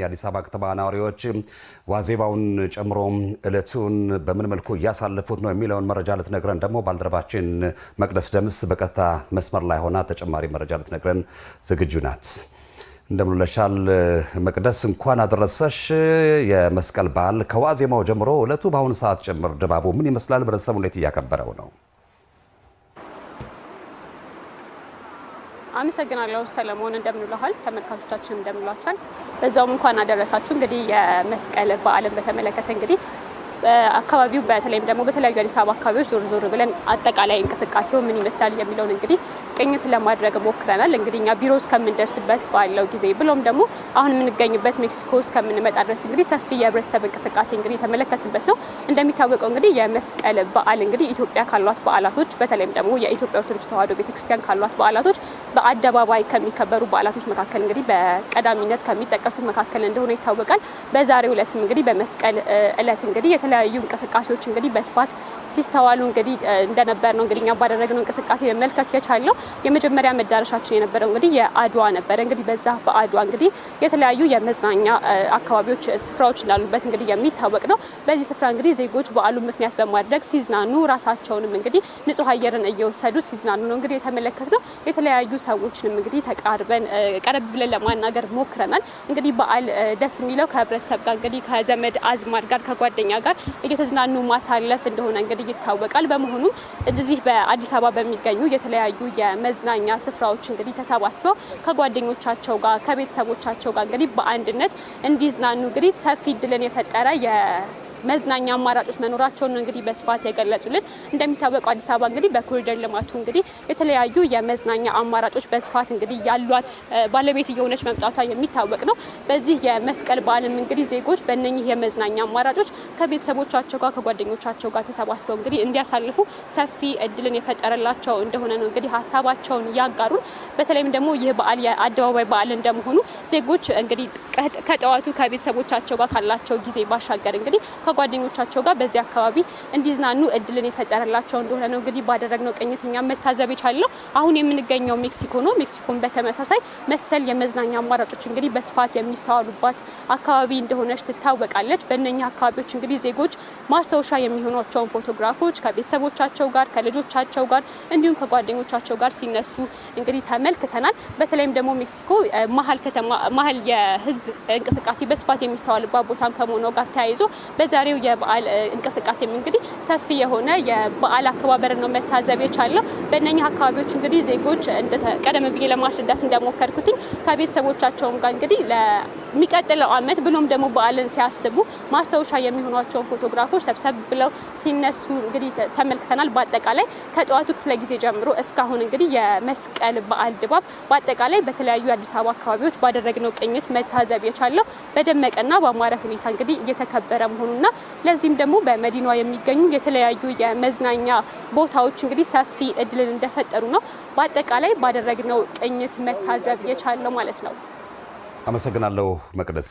የአዲስ አበባ ከተማ ነዋሪዎች ዋዜማውን ጨምሮ እለቱን በምን መልኩ እያሳለፉት ነው የሚለውን መረጃ ልትነግረን ደግሞ ባልደረባችን መቅደስ ደምስ በቀጥታ መስመር ላይ ሆና ተጨማሪ መረጃ ልትነግረን ዝግጁ ናት። እንደምንለሻል መቅደስ፣ እንኳን አደረሰሽ። የመስቀል በዓል ከዋዜማው ጀምሮ እለቱ በአሁኑ ሰዓት ጭምር ድባቡ ምን ይመስላል? ህብረተሰቡ እንዴት እያከበረው ነው? አመሰግናለሁ ሰለሞን፣ እንደምንለሃል ተመልካቾቻችን እንደምንላቸዋል። በዛውም እንኳን አደረሳችሁ። እንግዲህ የመስቀል በዓልን በተመለከተ እንግዲህ በአካባቢው በተለይም ደግሞ በተለያዩ አዲስ አበባ አካባቢዎች ዞር ዞር ብለን አጠቃላይ እንቅስቃሴው ምን ይመስላል የሚለውን እንግዲህ ቅኝት ለማድረግ ሞክረናል። እንግዲህ እኛ ቢሮ እስከምንደርስበት ባለው ጊዜ ብሎም ደግሞ አሁን የምንገኝበት ሜክሲኮ እስከምንመጣ ድረስ እንግዲህ ሰፊ የህብረተሰብ እንቅስቃሴ እንግዲህ የተመለከትበት ነው። እንደሚታወቀው እንግዲህ የመስቀል በዓል እንግዲህ ኢትዮጵያ ካሏት በዓላቶች በተለይም ደግሞ የኢትዮጵያ ኦርቶዶክስ ተዋሕዶ ቤተክርስቲያን ካሏት በዓላቶች በአደባባይ ከሚከበሩ በዓላቶች መካከል እንግዲህ በቀዳሚነት ከሚጠቀሱ መካከል እንደሆነ ይታወቃል። በዛሬው ዕለትም እንግዲህ በመስቀል ዕለት እንግዲህ የተለያዩ እንቅስቃሴዎች እንግዲህ በስፋት ሲስተዋሉ እንግዲህ እንደነበር ነው እንግዲህ እኛም ባደረግነው እንቅስቃሴ መመልከት የቻለው የመጀመሪያ መዳረሻችን የነበረው እንግዲህ የአድዋ ነበረ። እንግዲህ በዛ በአድዋ እንግዲህ የተለያዩ የመዝናኛ አካባቢዎች ስፍራዎች እንዳሉበት እንግዲህ የሚታወቅ ነው። በዚህ ስፍራ እንግዲህ ዜጎች በዓሉ ምክንያት በማድረግ ሲዝናኑ ራሳቸውንም እንግዲህ ንጹህ አየርን እየወሰዱ ሲዝናኑ ነው እንግዲህ ነው። የተለያዩ ሰዎችንም እንግዲህ ተቃርበን ቀረብ ብለን ለማናገር ሞክረናል። እንግዲህ በዓል ደስ የሚለው ከህብረተሰብ ጋር እንግዲህ ከዘመድ አዝማድ ጋር ከጓደኛ ጋር እየተዝናኑ ማሳለፍ እንደሆነ እንግዲህ ይታወቃል። በመሆኑ እዚህ በአዲስ አበባ በሚገኙ የተለያዩ የመዝናኛ ስፍራዎች እንግዲህ ተሰባስበው ከጓደኞቻቸው ጋር ከቤተሰቦቻቸው ጋር እንግዲህ በአንድነት እንዲዝናኑ እንግዲህ ሰፊ እድልን የፈጠረ መዝናኛ አማራጮች መኖራቸውን እንግዲህ በስፋት የገለጹልን። እንደሚታወቀው አዲስ አበባ እንግዲህ በኮሪደር ልማቱ እንግዲህ የተለያዩ የመዝናኛ አማራጮች በስፋት እንግዲህ ያሏት ባለቤት እየሆነች መምጣቷ የሚታወቅ ነው። በዚህ የመስቀል በዓልም እንግዲህ ዜጎች በእነኚህ የመዝናኛ አማራጮች ከቤተሰቦቻቸው ጋር ከጓደኞቻቸው ጋር ተሰባስበው እንግዲህ እንዲያሳልፉ ሰፊ እድልን የፈጠረላቸው እንደሆነ ነው እንግዲህ ሀሳባቸውን ያጋሩን። በተለይም ደግሞ ይህ በዓል የአደባባይ በዓል እንደመሆኑ ዜጎች እንግዲህ ከጠዋቱ ከቤተሰቦቻቸው ጋር ካላቸው ጊዜ ባሻገር እንግዲህ ከጓደኞቻቸው ጋር በዚህ አካባቢ እንዲዝናኑ እድልን የፈጠረላቸው እንደሆነ ነው እንግዲህ ባደረግነው ቅኝት እኛ መታዘብ የቻልነው። አሁን የምንገኘው ሜክሲኮ ነው። ሜክሲኮን በተመሳሳይ መሰል የመዝናኛ አማራጮች እንግዲህ በስፋት የሚስተዋሉባት አካባቢ እንደሆነች ትታወቃለች። በእነኛ አካባቢዎች እንግዲህ ዜጎች ማስታወሻ የሚሆኗቸውን ፎቶግራፎች ከቤተሰቦቻቸው ጋር ከልጆቻቸው ጋር እንዲሁም ከጓደኞቻቸው ጋር ሲነሱ እንግዲህ ተመልክተናል። በተለይም ደግሞ ሜክሲኮ መሀል ከተማ መሀል የህዝብ እንቅስቃሴ በስፋት የሚስተዋልባት ቦታም ከመሆኗ ጋር ተያይዞ በዛሬው የበዓል እንቅስቃሴም እንግዲህ ሰፊ የሆነ የበዓል አከባበር ነው መታዘብ የቻለው። በእነኚህ አካባቢዎች እንግዲህ ዜጎች ቀደም ብዬ ለማስረዳት እንደሞከርኩትኝ ከቤተሰቦቻቸውም ጋር እንግዲህ የሚቀጥለው ዓመት ብሎም ደግሞ በዓልን ሲያስቡ ማስታወሻ የሚሆኗቸውን ፎቶግራፎች ሰብሰብ ብለው ሲነሱ እንግዲህ ተመልክተናል። በአጠቃላይ ከጠዋቱ ክፍለ ጊዜ ጀምሮ እስካሁን እንግዲህ የመስቀል በዓል ድባብ በአጠቃላይ በተለያዩ የአዲስ አበባ አካባቢዎች ባደረግነው ቅኝት መታዘብ የቻለው በደመቀና በአማረ ሁኔታ እንግዲህ እየተከበረ መሆኑና ለዚህም ደግሞ በመዲናዋ የሚገኙ የተለያዩ የመዝናኛ ቦታዎች እንግዲህ ሰፊ እድልን እንደፈጠሩ ነው በአጠቃላይ ባደረግነው ቅኝት መታዘብ የቻለው ማለት ነው። አመሰግናለሁ መቅደስ።